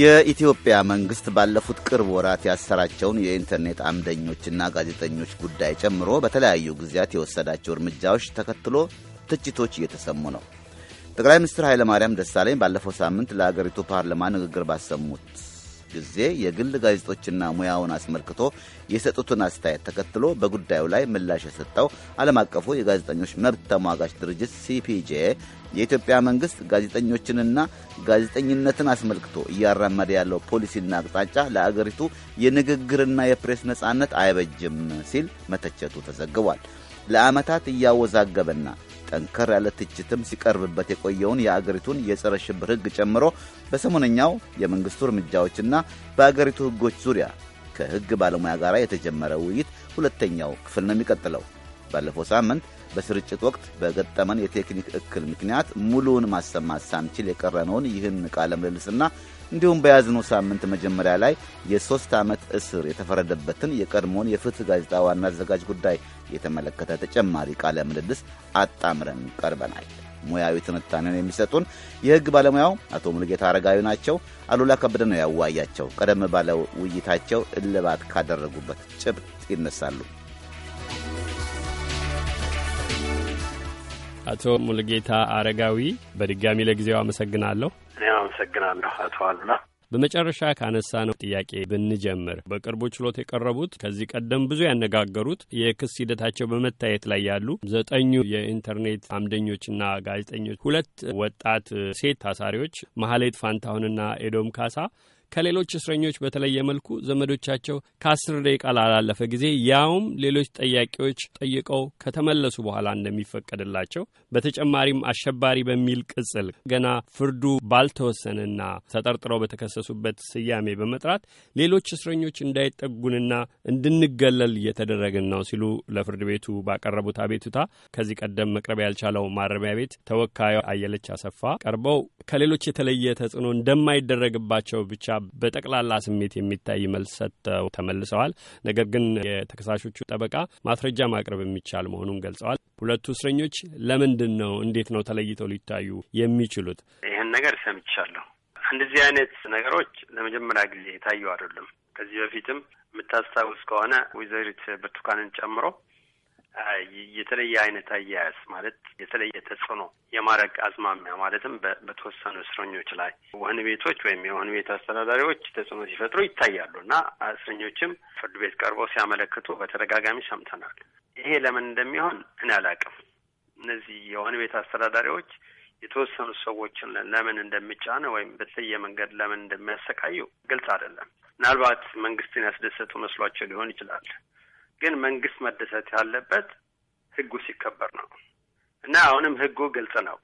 የኢትዮጵያ መንግስት ባለፉት ቅርብ ወራት ያሰራቸውን የኢንተርኔት አምደኞችና ጋዜጠኞች ጉዳይ ጨምሮ በተለያዩ ጊዜያት የወሰዳቸው እርምጃዎች ተከትሎ ትችቶች እየተሰሙ ነው። ጠቅላይ ሚኒስትር ኃይለማርያም ደሳለኝ ባለፈው ሳምንት ለአገሪቱ ፓርላማ ንግግር ባሰሙት ጊዜ የግል ጋዜጦችና ሙያውን አስመልክቶ የሰጡትን አስተያየት ተከትሎ በጉዳዩ ላይ ምላሽ የሰጠው ዓለም አቀፉ የጋዜጠኞች መብት ተሟጋች ድርጅት ሲፒጄ የኢትዮጵያ መንግሥት ጋዜጠኞችንና ጋዜጠኝነትን አስመልክቶ እያራመደ ያለው ፖሊሲና አቅጣጫ ለአገሪቱ የንግግርና የፕሬስ ነጻነት አይበጅም ሲል መተቸቱ ተዘግቧል። ለዓመታት እያወዛገበና ጠንከር ያለ ትችትም ሲቀርብበት የቆየውን የአገሪቱን የጸረ ሽብር ሕግ ጨምሮ በሰሞነኛው የመንግሥቱ እርምጃዎችና በአገሪቱ ሕጎች ዙሪያ ከሕግ ባለሙያ ጋር የተጀመረ ውይይት ሁለተኛው ክፍል ነው የሚቀጥለው። ባለፈው ሳምንት በስርጭት ወቅት በገጠመን የቴክኒክ እክል ምክንያት ሙሉውን ማሰማት ሳንችል የቀረነውን ይህን ቃለ ምልልስና እንዲሁም በያዝነው ሳምንት መጀመሪያ ላይ የሦስት ዓመት እስር የተፈረደበትን የቀድሞውን የፍትህ ጋዜጣ ዋና አዘጋጅ ጉዳይ የተመለከተ ተጨማሪ ቃለ ምልልስ አጣምረን ቀርበናል። ሙያዊ ትንታኔን የሚሰጡን የሕግ ባለሙያው አቶ ሙሉጌታ አረጋዊ ናቸው። አሉላ ከበደ ነው ያዋያቸው። ቀደም ባለ ውይይታቸው እልባት ካደረጉበት ጭብጥ ይነሳሉ። አቶ ሙልጌታ አረጋዊ በድጋሚ ለጊዜው አመሰግናለሁ። እኔ አመሰግናለሁ አቶ አሉላ። በመጨረሻ ካነሳ ነው ጥያቄ ብንጀምር በቅርቡ ችሎት የቀረቡት ከዚህ ቀደም ብዙ ያነጋገሩት የክስ ሂደታቸው በመታየት ላይ ያሉ ዘጠኙ የኢንተርኔት አምደኞችና ጋዜጠኞች ሁለት ወጣት ሴት ታሳሪዎች ማህሌት ፋንታሁንና ኤዶም ካሳ ከሌሎች እስረኞች በተለየ መልኩ ዘመዶቻቸው ከአስር ደቂቃ ላላለፈ ጊዜ ያውም ሌሎች ጠያቂዎች ጠይቀው ከተመለሱ በኋላ እንደሚፈቀድላቸው በተጨማሪም አሸባሪ በሚል ቅጽል ገና ፍርዱ ባልተወሰነና ተጠርጥረው በተከሰሱበት ስያሜ በመጥራት ሌሎች እስረኞች እንዳይጠጉንና እንድንገለል እየተደረግን ነው ሲሉ ለፍርድ ቤቱ ባቀረቡት አቤቱታ ከዚህ ቀደም መቅረብ ያልቻለው ማረሚያ ቤት ተወካዩ አየለች አሰፋ ቀርበው ከሌሎች የተለየ ተጽዕኖ እንደማይደረግባቸው ብቻ በጠቅላላ ስሜት የሚታይ መልስ ሰጥተው ተመልሰዋል። ነገር ግን የተከሳሾቹ ጠበቃ ማስረጃ ማቅረብ የሚቻል መሆኑን ገልጸዋል። ሁለቱ እስረኞች ለምንድን ነው እንዴት ነው ተለይተው ሊታዩ የሚችሉት? ይህን ነገር ሰምቻለሁ። እንደዚህ አይነት ነገሮች ለመጀመሪያ ጊዜ የታዩ አይደሉም። ከዚህ በፊትም የምታስታውስ ከሆነ ወይዘሪት ብርቱካንን ጨምሮ የተለየ አይነት አያያዝ ማለት የተለየ ተጽዕኖ የማድረግ አዝማሚያ ማለትም በተወሰኑ እስረኞች ላይ ወህኒ ቤቶች ወይም የወህኒ ቤት አስተዳዳሪዎች ተጽዕኖ ሲፈጥሩ ይታያሉ እና እስረኞችም ፍርድ ቤት ቀርበው ሲያመለክቱ በተደጋጋሚ ሰምተናል። ይሄ ለምን እንደሚሆን እኔ አላውቅም። እነዚህ የወህኒ ቤት አስተዳዳሪዎች የተወሰኑ ሰዎችን ለምን እንደሚጫነ ወይም በተለየ መንገድ ለምን እንደሚያሰቃዩ ግልጽ አይደለም። ምናልባት መንግስትን ያስደሰቱ መስሏቸው ሊሆን ይችላል። ግን መንግስት መደሰት ያለበት ህጉ ሲከበር ነው እና አሁንም ህጉ ግልጽ ነው።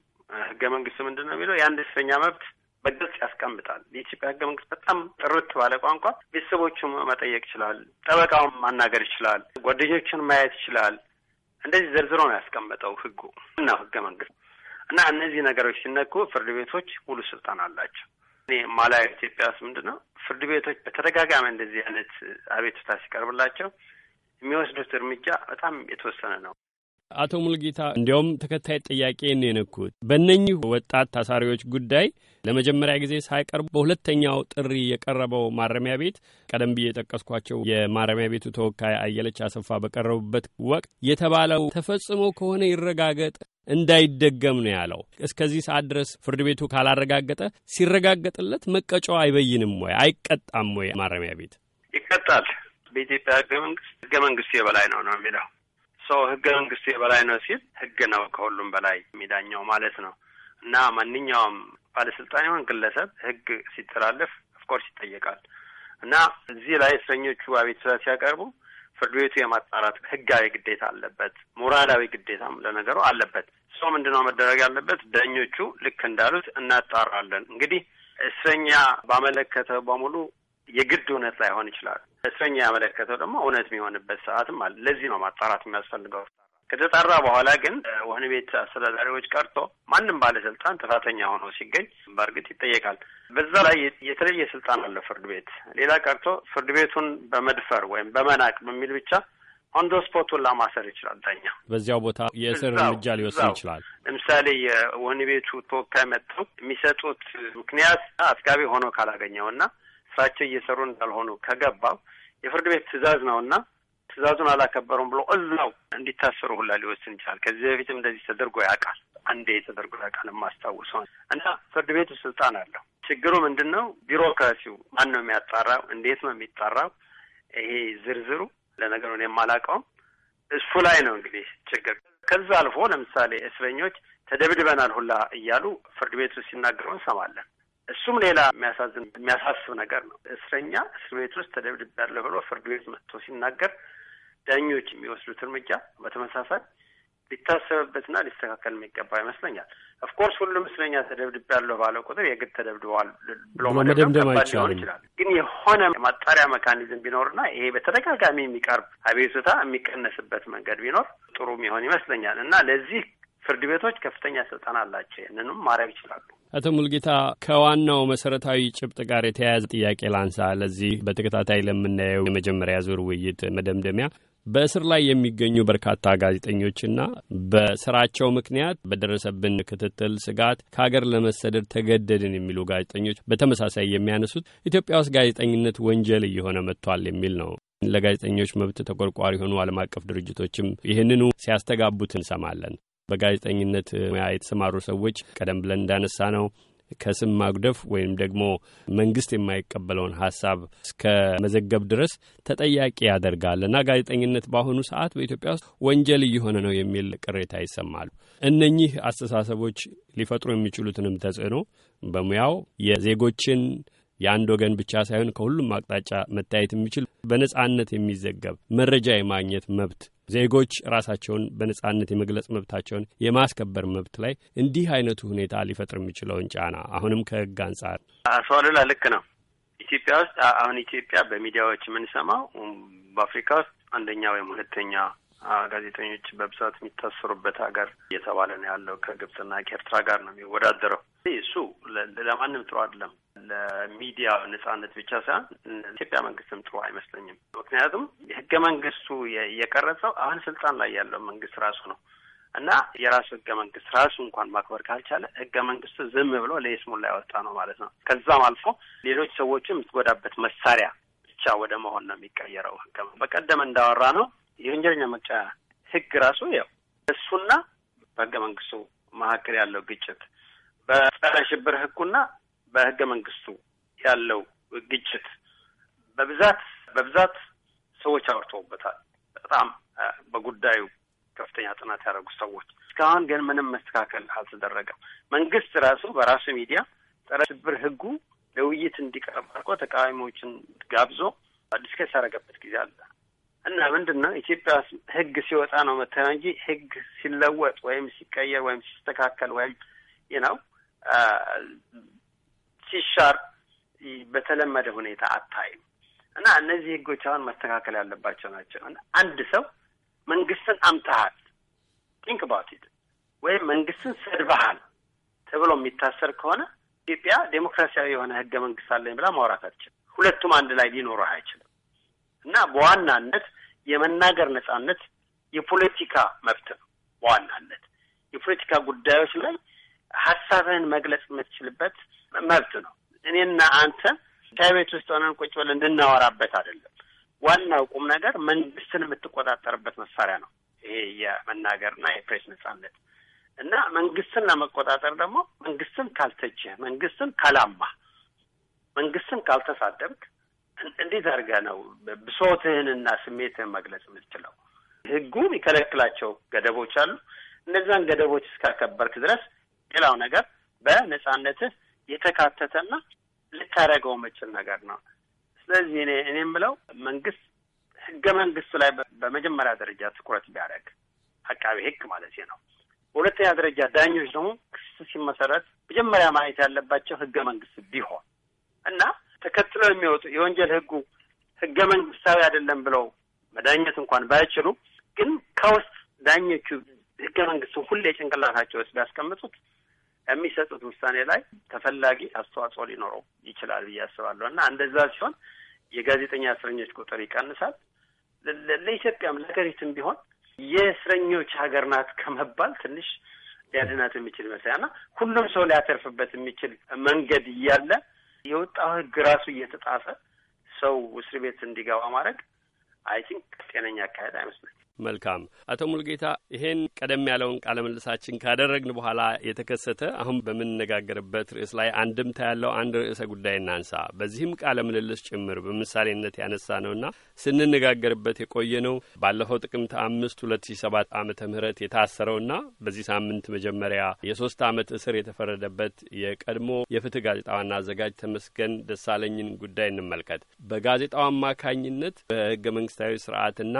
ህገ መንግስት ምንድን ነው የሚለው የአንድ ስፈኛ መብት በግልጽ ያስቀምጣል። የኢትዮጵያ ህገ መንግስት በጣም ጥርት ባለ ቋንቋ ቤተሰቦቹን መጠየቅ ይችላል፣ ጠበቃውን ማናገር ይችላል፣ ጓደኞቹን ማየት ይችላል። እንደዚህ ዘርዝሮ ነው ያስቀመጠው ህጉ እና ህገ መንግስት እና እነዚህ ነገሮች ሲነኩ ፍርድ ቤቶች ሙሉ ስልጣን አላቸው። እኔ ማላዊ ኢትዮጵያ ውስጥ ምንድን ነው ፍርድ ቤቶች በተደጋጋሚ እንደዚህ አይነት አቤቱታ ሲቀርብላቸው የሚወስዱት እርምጃ በጣም የተወሰነ ነው። አቶ ሙልጌታ እንዲያውም ተከታይ ጥያቄ ነው የነኩት። በእነኚህ ወጣት ታሳሪዎች ጉዳይ ለመጀመሪያ ጊዜ ሳይቀርቡ በሁለተኛው ጥሪ የቀረበው ማረሚያ ቤት ቀደም ብዬ የጠቀስኳቸው የማረሚያ ቤቱ ተወካይ አየለች አሰፋ በቀረቡበት ወቅት የተባለው ተፈጽሞ ከሆነ ይረጋገጥ እንዳይደገም ነው ያለው። እስከዚህ ሰዓት ድረስ ፍርድ ቤቱ ካላረጋገጠ ሲረጋገጥለት መቀጫው አይበይንም ወይ አይቀጣም ወይ? ማረሚያ ቤት ይቀጣል። በኢትዮጵያ ህገ መንግስት ህገ መንግስቱ የበላይ ነው ነው የሚለው ሰው ህገ መንግስቱ የበላይ ነው ሲል ህግ ነው ከሁሉም በላይ የሚዳኘው ማለት ነው። እና ማንኛውም ባለስልጣን ይሆን ግለሰብ ህግ ሲተላለፍ ኦፍኮርስ ይጠየቃል። እና እዚህ ላይ እስረኞቹ አቤቱታ ሲያቀርቡ ፍርድ ቤቱ የማጣራት ህጋዊ ግዴታ አለበት፣ ሞራላዊ ግዴታም ለነገሩ አለበት። ሰው ምንድነው መደረግ ያለበት? ዳኞቹ ልክ እንዳሉት እናጣራለን። እንግዲህ እስረኛ ባመለከተ በሙሉ የግድ እውነት ላይሆን ይችላል። እስረኛ ያመለከተው ደግሞ እውነት የሚሆንበት ሰዓትም አለ። ለዚህ ነው ማጣራት የሚያስፈልገው። ከተጣራ በኋላ ግን ወህኒ ቤት አስተዳዳሪዎች ቀርቶ ማንም ባለስልጣን ጥፋተኛ ሆኖ ሲገኝ በእርግጥ ይጠየቃል። በዛ ላይ የተለየ ስልጣን አለው ፍርድ ቤት። ሌላ ቀርቶ ፍርድ ቤቱን በመድፈር ወይም በመናቅ በሚል ብቻ አንዶ ስፖቱን ላማሰር ይችላል። ዳኛ በዚያው ቦታ የእስር እርምጃ ሊወስድ ይችላል። ለምሳሌ የወህኒ ቤቱ ተወካይ መጥተው የሚሰጡት ምክንያት አጥጋቢ ሆኖ ካላገኘውና ስራቸው እየሰሩ እንዳልሆኑ ከገባው የፍርድ ቤት ትዕዛዝ ነው እና ትእዛዙን አላከበሩም ብሎ እዛው እንዲታሰሩ ሁላ ሊወስን ይችላል። ከዚህ በፊትም እንደዚህ ተደርጎ ያውቃል። አንዴ ተደርጎ ያውቃል የማስታውሰው እና ፍርድ ቤቱ ስልጣን አለው። ችግሩ ምንድን ነው? ቢሮክራሲው ማን ነው የሚያጣራው? እንዴት ነው የሚጣራው? ይሄ ዝርዝሩ ለነገሩ እኔም እሱ ላይ ነው እንግዲህ ችግር። ከዛ አልፎ ለምሳሌ እስረኞች ተደብድበናል ሁላ እያሉ ፍርድ ቤቱ ሲናገሩ እንሰማለን። እሱም ሌላ የሚያሳዝን የሚያሳስብ ነገር ነው። እስረኛ እስር ቤት ውስጥ ያለ ብሎ ፍርድ ቤት መጥቶ ሲናገር ዳኞች የሚወስዱት እርምጃ በተመሳሳይ ሊታሰብበትና ሊስተካከል የሚገባ ይመስለኛል። ኦፍኮርስ ሁሉም እስረኛ ያለው ባለ ቁጥር የግድ ተደብድበዋል ብሎ መደምደም ይችላል። ግን የሆነ ማጣሪያ መካኒዝም ቢኖርና ይሄ በተደጋጋሚ የሚቀርብ አቤቱታ የሚቀነስበት መንገድ ቢኖር ጥሩ የሚሆን ይመስለኛል እና ለዚህ ፍርድ ቤቶች ከፍተኛ ስልጣን አላቸው። ይህንንም ማድረግ ይችላሉ። አቶ ሙልጌታ ከዋናው መሰረታዊ ጭብጥ ጋር የተያያዘ ጥያቄ ላንሳ። ለዚህ በተከታታይ ለምናየው የመጀመሪያ ዙር ውይይት መደምደሚያ በእስር ላይ የሚገኙ በርካታ ጋዜጠኞችና በስራቸው ምክንያት በደረሰብን ክትትል ስጋት ከሀገር ለመሰደድ ተገደድን የሚሉ ጋዜጠኞች በተመሳሳይ የሚያነሱት ኢትዮጵያ ውስጥ ጋዜጠኝነት ወንጀል እየሆነ መጥቷል የሚል ነው። ለጋዜጠኞች መብት ተቆርቋሪ የሆኑ ዓለም አቀፍ ድርጅቶችም ይህንኑ ሲያስተጋቡት እንሰማለን። በጋዜጠኝነት ሙያ የተሰማሩ ሰዎች ቀደም ብለን እንዳነሳ ነው ከስም ማጉደፍ ወይም ደግሞ መንግስት የማይቀበለውን ሀሳብ እስከ መዘገብ ድረስ ተጠያቂ ያደርጋል እና ጋዜጠኝነት በአሁኑ ሰዓት በኢትዮጵያ ውስጥ ወንጀል እየሆነ ነው የሚል ቅሬታ ይሰማሉ። እነኚህ አስተሳሰቦች ሊፈጥሩ የሚችሉትንም ተጽዕኖ በሙያው የዜጎችን የአንድ ወገን ብቻ ሳይሆን ከሁሉም አቅጣጫ መታየት የሚችል በነጻነት የሚዘገብ መረጃ የማግኘት መብት ዜጎች ራሳቸውን በነጻነት የመግለጽ መብታቸውን የማስከበር መብት ላይ እንዲህ አይነቱ ሁኔታ ሊፈጥር የሚችለውን ጫና አሁንም ከህግ አንጻር አቶ አሉላ ልክ ነው። ኢትዮጵያ ውስጥ አሁን ኢትዮጵያ በሚዲያዎች የምንሰማው በአፍሪካ ውስጥ አንደኛ ወይም ሁለተኛ ጋዜጠኞች በብዛት የሚታሰሩበት ሀገር እየተባለ ነው ያለው። ከግብጽና ከኤርትራ ጋር ነው የሚወዳደረው። እሱ ለማንም ጥሩ አይደለም። ለሚዲያ ነጻነት ብቻ ሳይሆን ኢትዮጵያ መንግስትም ጥሩ አይመስለኝም። ምክንያቱም የህገ መንግስቱ የቀረጸው አሁን ስልጣን ላይ ያለው መንግስት ራሱ ነው እና የራሱ ህገ መንግስት ራሱ እንኳን ማክበር ካልቻለ ህገ መንግስቱ ዝም ብሎ ለይስሙላ ያወጣ ነው ማለት ነው። ከዛም አልፎ ሌሎች ሰዎችም የምትጎዳበት መሳሪያ ብቻ ወደ መሆን ነው የሚቀየረው። ህገ በቀደም እንዳወራ ነው የወንጀለኛ መቅጫ ህግ ራሱ ያው እሱና በህገ መንግስቱ መካከል ያለው ግጭት በጸረ ሽብር ህጉና በህገ መንግስቱ ያለው ግጭት በብዛት በብዛት ሰዎች አውርተውበታል። በጣም በጉዳዩ ከፍተኛ ጥናት ያደረጉ ሰዎች እስካሁን ግን ምንም መስተካከል አልተደረገም። መንግስት ራሱ በራሱ ሚዲያ ጸረ ሽብር ህጉ ለውይይት እንዲቀርብ አድርጎ ተቃዋሚዎችን ጋብዞ ዲስከስ ያደረገበት ጊዜ አለ እና ምንድን ነው ኢትዮጵያ ህግ ሲወጣ ነው መታየው እንጂ ህግ ሲለወጥ ወይም ሲቀየር ወይም ሲስተካከል ወይም ነው ሲሻር በተለመደ ሁኔታ አታይም። እና እነዚህ ህጎች አሁን መስተካከል ያለባቸው ናቸው። አንድ ሰው መንግስትን አምተሃል ቲንክ ባውት ኢት ወይም መንግስትን ሰድበሃል ተብሎ የሚታሰር ከሆነ ኢትዮጵያ ዴሞክራሲያዊ የሆነ ህገ መንግስት አለኝ ብላ ማውራት አትችልም። ሁለቱም አንድ ላይ ሊኖረህ አይችልም። እና በዋናነት የመናገር ነጻነት የፖለቲካ መብት ነው። በዋናነት የፖለቲካ ጉዳዮች ላይ ሀሳብህን መግለጽ የምትችልበት መብት ነው። እኔና አንተ ሻይ ቤት ውስጥ ሆነን ቁጭ ብለን እንድናወራበት አይደለም። ዋናው ቁም ነገር መንግስትን የምትቆጣጠርበት መሳሪያ ነው ይሄ የመናገርና የፕሬስ ነጻነት እና መንግስትን ለመቆጣጠር ደግሞ መንግስትን ካልተች፣ መንግስትን ካላማ፣ መንግስትን ካልተሳደብክ እንዴት አድርገህ ነው ብሶትህንና ስሜትህን መግለጽ የምትችለው? ህጉ የሚከለክላቸው ገደቦች አሉ። እነዛን ገደቦች እስካከበርክ ድረስ ሌላው ነገር በነጻነትህ የተካተተና ልታደርገው የምችል ነገር ነው። ስለዚህ እኔ እኔ የምለው መንግስት ህገ መንግስቱ ላይ በመጀመሪያ ደረጃ ትኩረት ቢያደርግ አቃቤ ህግ ማለት ነው። በሁለተኛ ደረጃ ዳኞች ደግሞ ክስ ሲመሰረት መጀመሪያ ማየት ያለባቸው ህገ መንግስት ቢሆን እና ተከትለው የሚወጡ የወንጀል ህጉ ህገ መንግስታዊ አይደለም ብለው መዳኘት እንኳን ባይችሉ ግን ከውስጥ ዳኞቹ ህገ መንግስቱን ሁሌ ጭንቅላታቸው ውስጥ ቢያስቀምጡት የሚሰጡት ውሳኔ ላይ ተፈላጊ አስተዋጽኦ ሊኖረው ይችላል ብዬ አስባለሁ እና እንደዛ ሲሆን የጋዜጠኛ እስረኞች ቁጥር ይቀንሳል። ለኢትዮጵያም ለሀገሪቱም ቢሆን የእስረኞች ሀገር ናት ከመባል ትንሽ ሊያድናት የሚችል ይመስላል እና ሁሉም ሰው ሊያተርፍበት የሚችል መንገድ እያለ የወጣው ህግ ራሱ እየተጣሰ ሰው እስር ቤት እንዲገባ ማድረግ አይ ቲንክ ጤነኛ አካሄድ አይመስለኝ። መልካም አቶ ሙልጌታ ይሄን ቀደም ያለውን ቃለ ምልልሳችን ካደረግን በኋላ የተከሰተ አሁን በምንነጋገርበት ርዕስ ላይ አንድምታ ያለው አንድ ርዕሰ ጉዳይ እናንሳ። በዚህም ቃለ ምልልስ ጭምር በምሳሌነት ያነሳ ነውና ስንነጋገርበት የቆየ ነው። ባለፈው ጥቅምት አምስት ሁለት ሺ ሰባት ዓመተ ምህረት የታሰረውና በዚህ ሳምንት መጀመሪያ የሶስት ዓመት እስር የተፈረደበት የቀድሞ የፍትህ ጋዜጣ ዋና አዘጋጅ ተመስገን ደሳለኝን ጉዳይ እንመልከት። በጋዜጣው አማካኝነት በህገ መንግስታዊ ስርዓትና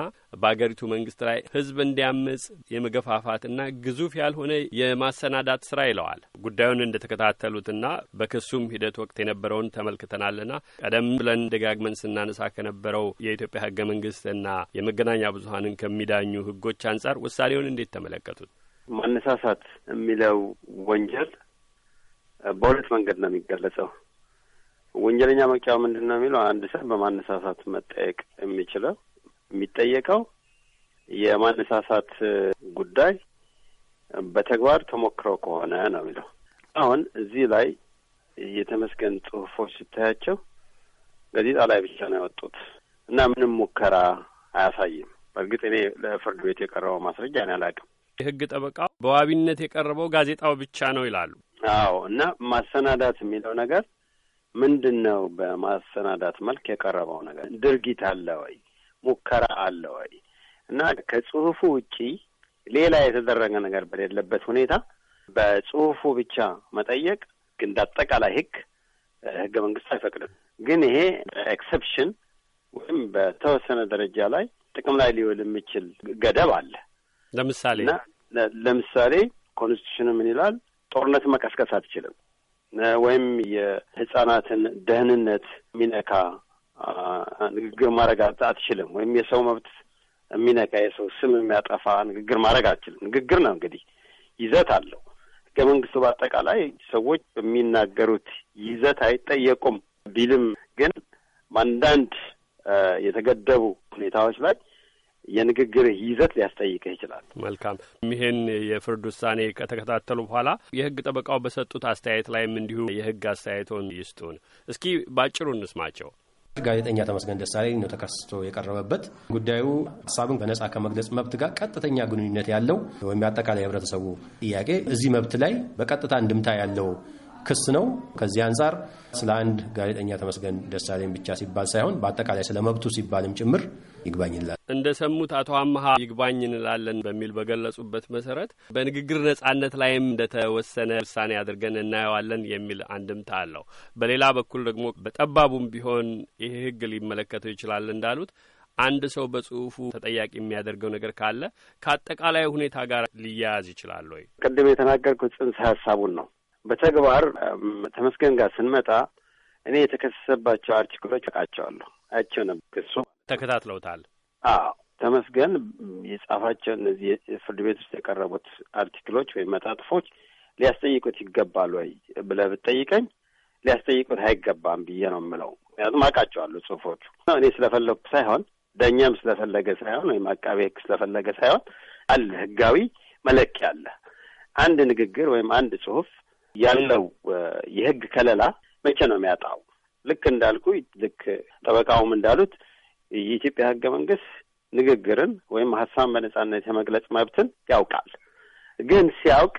በአገሪቱ መንግስት ላይ ህዝብ እንዲያምጽ የመገፋፋትና ግዙፍ ያልሆነ የማሰናዳት ስራ ይለዋል። ጉዳዩን እንደተከታተሉትና በክሱም ሂደት ወቅት የነበረውን ተመልክተናልና ቀደም ብለን ደጋግመን ስናነሳ ከነበረው የኢትዮ የኢትዮጵያ ህገ መንግስትና የመገናኛ ብዙሀንን ከሚዳኙ ህጎች አንጻር ውሳኔውን እንዴት ተመለከቱት? ማነሳሳት የሚለው ወንጀል በሁለት መንገድ ነው የሚገለጸው። ወንጀለኛ መቅጫው ምንድን ነው የሚለው አንድ ሰው በማነሳሳት መጠየቅ የሚችለው የሚጠየቀው የማነሳሳት ጉዳይ በተግባር ተሞክሮ ከሆነ ነው የሚለው። አሁን እዚህ ላይ የተመስገን ጽሁፎች ስታያቸው ጋዜጣ ላይ ብቻ ነው ያወጡት። እና ምንም ሙከራ አያሳይም። በእርግጥ እኔ ለፍርድ ቤት የቀረበው ማስረጃ እኔ አላውቅም። የህግ ጠበቃው በዋቢነት የቀረበው ጋዜጣው ብቻ ነው ይላሉ። አዎ እና ማሰናዳት የሚለው ነገር ምንድን ነው? በማሰናዳት መልክ የቀረበው ነገር ድርጊት አለ ወይ? ሙከራ አለ ወይ? እና ከጽሁፉ ውጪ ሌላ የተደረገ ነገር በሌለበት ሁኔታ በጽሁፉ ብቻ መጠየቅ እንደ አጠቃላይ ህግ ህገ መንግስት አይፈቅድም። ግን ይሄ ኤክሰፕሽን ወይም በተወሰነ ደረጃ ላይ ጥቅም ላይ ሊውል የሚችል ገደብ አለ። ለምሳሌ ለምሳሌ ኮንስቲቱሽኑ ምን ይላል? ጦርነት መቀስቀስ አትችልም ወይም የህጻናትን ደህንነት የሚነካ ንግግር ማድረግ አትችልም ወይም የሰው መብት የሚነካ የሰው ስም የሚያጠፋ ንግግር ማድረግ አትችልም። ንግግር ነው እንግዲህ ይዘት አለው። ህገ መንግስቱ በአጠቃላይ ሰዎች በሚናገሩት ይዘት አይጠየቁም ቢልም ግን አንዳንድ የተገደቡ ሁኔታዎች ላይ የንግግር ይዘት ሊያስጠይቅህ ይችላል። መልካም። ይህን የፍርድ ውሳኔ ከተከታተሉ በኋላ የህግ ጠበቃው በሰጡት አስተያየት ላይም እንዲሁ የህግ አስተያየቶን ይስጡን። እስኪ ባጭሩ እንስማቸው። ጋዜጠኛ ተመስገን ደሳለኝ ነው ተከስቶ የቀረበበት። ጉዳዩ ሀሳብን በነጻ ከመግለጽ መብት ጋር ቀጥተኛ ግንኙነት ያለው ወይም የአጠቃላይ ህብረተሰቡ ጥያቄ እዚህ መብት ላይ በቀጥታ እንድምታ ያለው ክስ ነው። ከዚህ አንጻር ስለ አንድ ጋዜጠኛ ተመስገን ደሳለኝ ብቻ ሲባል ሳይሆን በአጠቃላይ ስለ መብቱ ሲባልም ጭምር ይግባኝ እንላለን። እንደ ሰሙት አቶ አመሀ ይግባኝ እንላለን በሚል በገለጹበት መሰረት በንግግር ነጻነት ላይም እንደተወሰነ ውሳኔ አድርገን እናየዋለን የሚል አንድምታ አለው። በሌላ በኩል ደግሞ በጠባቡም ቢሆን ይህ ህግ ሊመለከተው ይችላል እንዳሉት አንድ ሰው በጽሁፉ ተጠያቂ የሚያደርገው ነገር ካለ ከአጠቃላይ ሁኔታ ጋር ሊያያዝ ይችላል ወይ? ቅድም የተናገርኩት ጽንሰ ሀሳቡን ነው። በተግባር ተመስገን ጋር ስንመጣ እኔ የተከሰሰባቸው አርቲክሎች አውቃቸዋለሁ፣ አያቸው ነበር። ክሱ ተከታትለውታል። አዎ ተመስገን የጻፋቸው እነዚህ የፍርድ ቤት ውስጥ የቀረቡት አርቲክሎች ወይም መጣጥፎች ሊያስጠይቁት ይገባል ወይ ብለህ ብትጠይቀኝ ሊያስጠይቁት አይገባም ብዬ ነው የምለው። ምክንያቱም አውቃቸዋለሁ ጽሁፎቹ እኔ ስለፈለግኩ ሳይሆን ዳኛም ስለፈለገ ሳይሆን ወይም አቃቤ ሕግ ስለፈለገ ሳይሆን አለ ህጋዊ መለኪያ አለ። አንድ ንግግር ወይም አንድ ጽሁፍ ያለው የህግ ከለላ መቼ ነው የሚያጣው? ልክ እንዳልኩ ልክ ጠበቃውም እንዳሉት የኢትዮጵያ ህገ መንግስት ንግግርን ወይም ሀሳብን በነጻነት የመግለጽ መብትን ያውቃል። ግን ሲያውቅ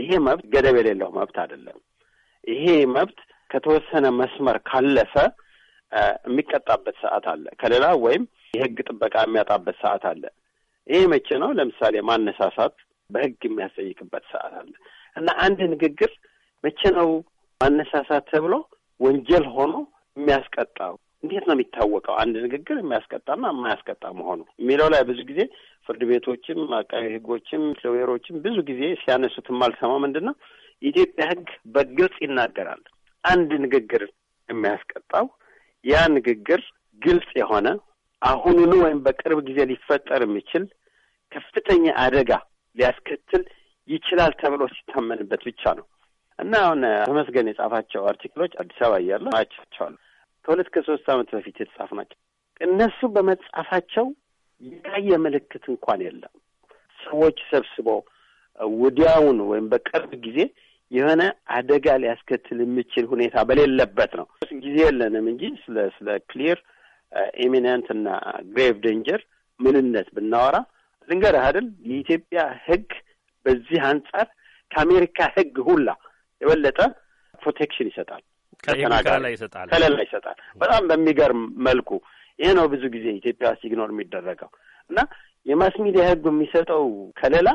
ይሄ መብት ገደብ የሌለው መብት አይደለም። ይሄ መብት ከተወሰነ መስመር ካለፈ የሚቀጣበት ሰዓት አለ፣ ከሌላ ወይም የህግ ጥበቃ የሚያጣበት ሰዓት አለ። ይሄ መቼ ነው? ለምሳሌ ማነሳሳት በህግ የሚያስጠይቅበት ሰዓት አለ እና አንድ ንግግር መቼ ነው ማነሳሳት ተብሎ ወንጀል ሆኖ የሚያስቀጣው? እንዴት ነው የሚታወቀው አንድ ንግግር የሚያስቀጣና የማያስቀጣ መሆኑ የሚለው ላይ ብዙ ጊዜ ፍርድ ቤቶችም አቃቢ ሕጎችም ሎየሮችም ብዙ ጊዜ ሲያነሱት ማልሰማ ምንድን ነው የኢትዮጵያ ሕግ በግልጽ ይናገራል። አንድ ንግግር የሚያስቀጣው ያ ንግግር ግልጽ የሆነ አሁኑኑ ወይም በቅርብ ጊዜ ሊፈጠር የሚችል ከፍተኛ አደጋ ሊያስከትል ይችላል ተብሎ ሲታመንበት ብቻ ነው። እና አሁን ተመስገን የጻፋቸው አርቲክሎች አዲስ አበባ እያለሁ አይቻቸዋለሁ። ከሁለት ከሶስት ዓመት በፊት የተጻፉ ናቸው። እነሱ በመጻፋቸው የታየ ምልክት እንኳን የለም። ሰዎች ሰብስቦ ወዲያውኑ ወይም በቅርብ ጊዜ የሆነ አደጋ ሊያስከትል የሚችል ሁኔታ በሌለበት ነው። ጊዜ የለንም እንጂ ስለ ስለ ክሊር ኢሚነንት እና ግሬቭ ደንጀር ምንነት ብናወራ ልንገርህ አይደል የኢትዮጵያ ሕግ በዚህ አንጻር ከአሜሪካ ሕግ ሁላ የበለጠ ፕሮቴክሽን ይሰጣል፣ ከላይ ይሰጣል፣ ከለላ ይሰጣል። በጣም በሚገርም መልኩ ይህ ነው ብዙ ጊዜ ኢትዮጵያ ውስጥ ኢግኖር የሚደረገው እና የማስ ሚዲያ ህግ የሚሰጠው ከለላ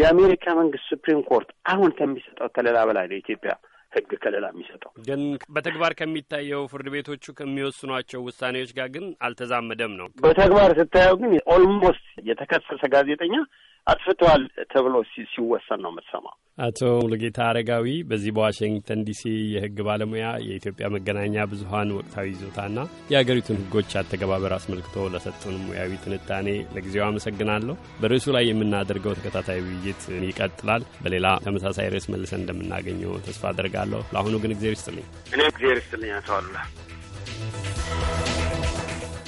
የአሜሪካ መንግስት ሱፕሪም ኮርት አሁን ከሚሰጠው ከለላ በላይ ነው ኢትዮጵያ ህግ ከለላ የሚሰጠው ግን በተግባር ከሚታየው ፍርድ ቤቶቹ ከሚወስኗቸው ውሳኔዎች ጋር ግን አልተዛመደም ነው። በተግባር ስታየው ግን ኦልሞስት የተከሰሰ ጋዜጠኛ አጥፍተዋል ተብሎ ሲወሰን ነው የምትሰማው። አቶ ሙሉጌታ አረጋዊ በዚህ በዋሽንግተን ዲሲ የህግ ባለሙያ የኢትዮጵያ መገናኛ ብዙሀን ወቅታዊ ይዞታና የአገሪቱን ህጎች አተገባበር አስመልክቶ ለሰጡን ሙያዊ ትንታኔ ለጊዜው አመሰግናለሁ። በርዕሱ ላይ የምናደርገው ተከታታይ ውይይት ይቀጥላል። በሌላ ተመሳሳይ ርዕስ መልሰን እንደምናገኘው ተስፋ አደርጋለሁ። ለአሁኑ ግን እግዜር ይስጥልኝ። እኔ እግዜር ይስጥልኝ አቶ አሉላ